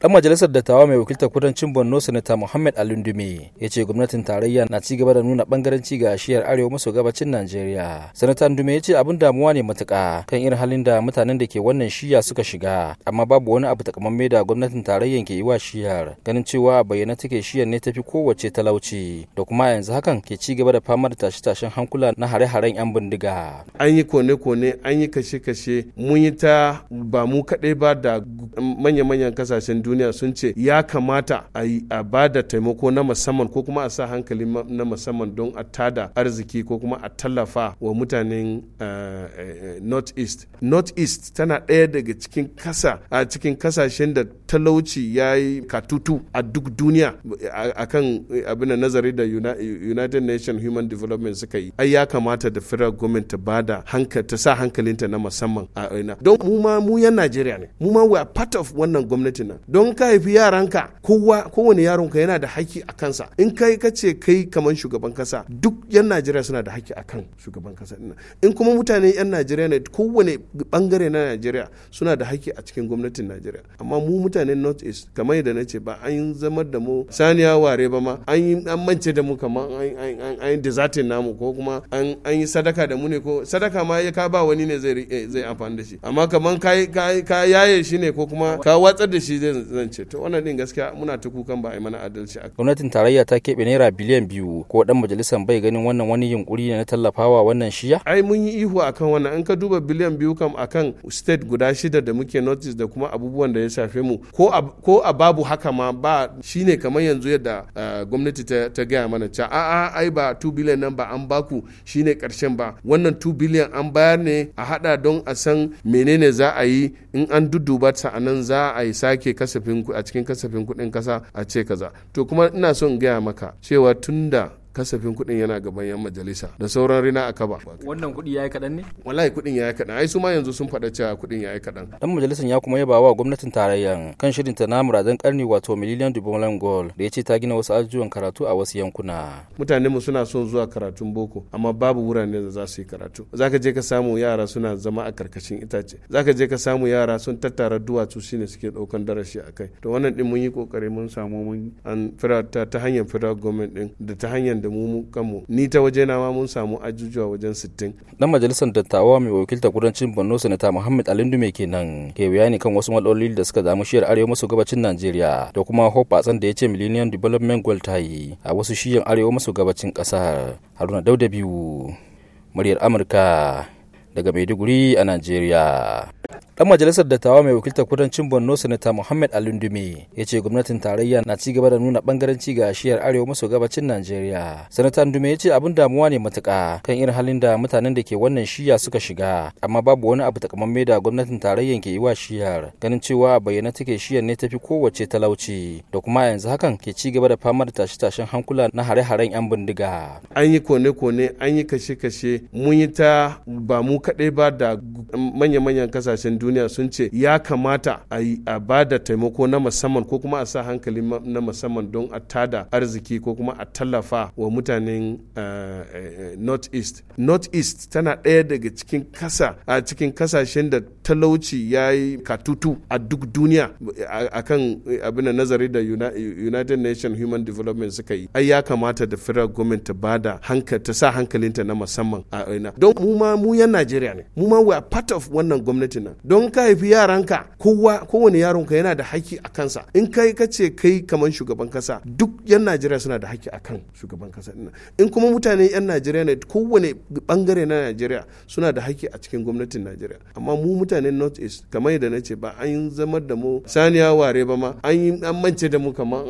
dan majalisar dattawa mai wakiltar kudancin borno sanata muhammad alundume ya ce gwamnatin tarayya na ci gaba da nuna bangaranci ga shiyar arewa maso gabacin najeriya sanata alundume ya ce abin damuwa ne matuka kan irin halin da mutanen da ke wannan shiya suka shiga amma babu wani abu takamamme da gwamnatin tarayya ke yi wa shiyar ganin cewa bayyana take shiyar ne tafi kowace talauci da kuma yanzu hakan ke cigaba da fama da tashe-tashen hankula na hare-haren yan bindiga an yi kone-kone an yi kashe-kashe mun yi ta ba mu kaɗai ba da manya-manyan kasashen duniya duniya sun ce ya kamata a yi a ba da taimako na musamman ko kuma a sa hankali na musamman don a tada arziki ko kuma a tallafa wa mutanen eh, eh, north east north east tana ɗaya daga cikin kasa a cikin kasashen da talauci ya yi katutu a duk duniya a kan abin nazari da united nation human development suka yi ai ya kamata da federal government ta da hankali ta sa hankalinta na musamman a don mu ma mu yan najeriya ne mu ma we part of wannan gwamnati na don ka haifi yaranka kowa kowane ka yana da haƙƙi a kansa in kai ka ce kai kamar shugaban kasa duk yan najeriya suna da haƙƙi a kan shugaban kasa in kuma mutane yan najeriya ne kowane bangare na najeriya suna da haƙƙi a cikin gwamnatin najeriya amma mu mutanen north east kamar yadda na ce ba an zama da mu saniya ware ba ma an mance da mu kamar an yi desertin namu ko kuma an yi sadaka da mu ne ko sadaka ma ya ka ba wani ne zai amfani da shi amma kamar ka yaye shi ne ko kuma ka watsar da shi zai zan ce to wannan din gaskiya muna ta kukan ba a yi mana adalci a gwamnatin tarayya ta keɓe naira biliyan biyu ko dan majalisar bai ganin wannan wani yunkuri ne na tallafawa wannan shiya ai mun yi ihu akan wannan in ka duba biliyan biyu kam akan state guda shida da muke notice da kuma abubuwan da ya shafe mu ko ko a babu haka ma ba shine kamar yanzu yadda eh, gwamnati ta gaya mana cewa a'a ai ba 2 biliyan nan ba an baku shine karshen ba wannan 2 biliyan an bayar ne a hada don a san menene za a yi in an dudduba nan za a yi sake kasa kasafin a cikin kasafin kuɗin ƙasa a ce kaza to kuma ina son gaya maka cewa tunda kasafin kuɗin yana gaban yan majalisa da sauran rina a kaba wannan kuɗi yi kaɗan ne wallahi kuɗin yi kaɗan ai su ma yanzu sun faɗa cewa kuɗin yi kaɗan dan majalisan ya kuma yaba wa gwamnatin tarayya kan shirin ta na muradan karni wato miliyan dubulan gol da ya ce ta gina wasu ajujuwan karatu a wasu yankuna mutane mu suna son zuwa karatun boko amma babu wuraren da za su yi karatu zaka je ka samu yara suna zama a karkashin itace zaka je ka samu yara sun tattara duwatsu shine suke ɗaukan darasi a kai to wannan din mun yi kokari mun samu mun an fira ta hanyar federal government din da ta hanyar da mu kanmu ni ta waje na ma mun samu ajujuwa wajen sittin. dan majalisar dattawa mai wakilta kudancin Borno senata Muhammad me kenan ke bayani kan wasu matsaloli da suka damu shiyar arewa maso gabacin Najeriya da kuma a da ya ce Millennium Development Goal ta yi a wasu shiyan arewa maso gabacin ƙasar Haruna Dauda biyu muryar Amurka daga Maiduguri a Najeriya dan majalisar dattawa mai wakiltar kudancin borno sanata muhammad alundumi ya ce gwamnatin tarayya na ci gaba da nuna bangaranci ga shiyar arewa maso gabacin najeriya sanata alundumi ya ce abin damuwa ne matuka kan irin halin da mutanen da ke wannan shiya suka shiga amma babu wani abu takamamme da gwamnatin tarayyan ke yi wa shiyar ganin cewa bayyana take shiyar ne tafi kowace talauci da kuma yanzu hakan ke ci gaba da fama da tashe-tashen hankula na hare-haren yan bindiga an yi kone-kone an yi kashe-kashe mun yi ta ba mu kaɗai ba da manya-manyan kasashen duniya duniya sun ce ya kamata a ba da taimako na musamman ko kuma a sa hankali na musamman don a tada arziki ko kuma a tallafa wa mutanen eh, eh, north east north east tana ɗaya daga cikin kasa a cikin kasashen da talauci ya yi katutu a duk duniya akan abin da nazari da united nations human development suka yi ai ya kamata da federal government ta da ta sa hankalinta na musamman a don mu ma mu yan najeriya ne mu ma we are part of wannan gwamnati na. don don ka haifi yaranka kowa kowane ka yana da haƙƙi a kansa in kai ka ce kai kamar shugaban kasa duk yan najeriya suna da haƙƙi a kan shugaban kasa in kuma mutane yan najeriya ne kowane bangare na najeriya suna da haƙƙi a cikin gwamnatin najeriya amma mu mutanen north east kamar yadda na ce ba an zama da mu saniya ware ba ma an yi an mance da mu kamar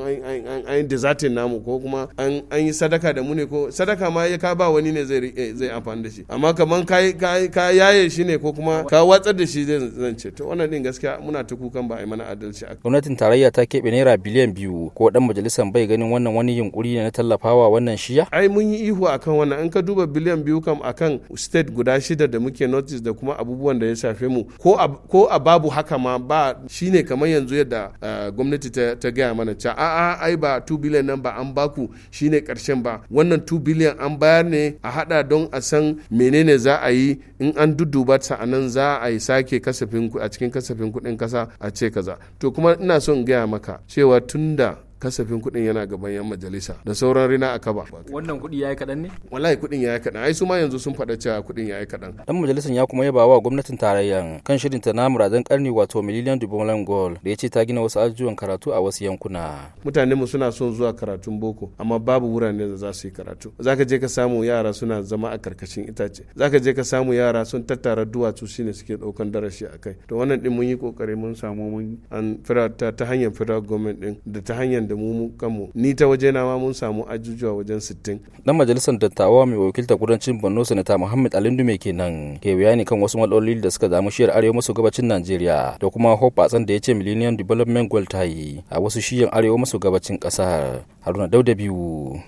an yi desertin namu ko kuma an yi sadaka da mu ne ko sadaka ma ya ka ba wani ne zai eh, amfani da shi amma kamar ka yaye shi ne ko kuma ka watsar da shi zai zan ce to wannan din gaskiya muna ta kukan ba a yi mana adalci a gwamnatin tarayya ta keɓe naira biliyan biyu ko dan majalisar bai ganin wannan wani yunkuri ne na tallafawa wannan shiya ai mun yi ihu akan wannan in ka duba biliyan biyu kam akan state guda shida da muke notice da kuma abubuwan da ya shafe mu ko ko a babu haka ma ba shine kamar yanzu yadda eh, gwamnati ta gaya mana ca a ai ba 2 billion nan ba an baku shine karshen ba wannan 2 billion an bayar ne a hada don a san menene za a yi in an dudduba nan za a yi sake kasa kasafin a cikin kasafin kuɗin ƙasa a ce kaza to kuma ina son gaya maka cewa tunda kasafin kuɗin yana gaban yan majalisa da sauran rina a kaba wannan kuɗi yi kaɗan ne wallahi kuɗin yi kaɗan ai su ma yanzu sun faɗa cewa kuɗin yi kaɗan dan majalisan ya kuma yaba wa gwamnatin tarayya kan shirin ta na muradan karni wato miliyan dubulan gol da ya ce ta gina wasu ajujuwan karatu a wasu yankuna mutane mu suna son zuwa karatun boko amma babu wuraren da za su yi karatu za ka je ka samu yara suna zama a karkashin itace za ka je ka samu yara sun tattara duwatsu shine suke daukan darasi a kai to wannan din mun yi kokari mun samu mun an fira ta hanyar federal government da ta hanyar da mu kanmu ni ta waje na ma mun samu ajujuwa wajen sittin. dan majalisar dattawa mai wakilta kudancin Borno Senator Muhammad Alindume kenan ke bayani kan wasu matsaloli da suka damu shiyar arewa maso gabacin Najeriya da kuma hoɓatsan da ya ce Millennium Development Goal ta yi a wasu shiyan arewa maso gabacin ƙasar Haruna Dauda biyu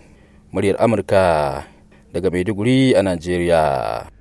muryar Amurka daga Maiduguri a Najeriya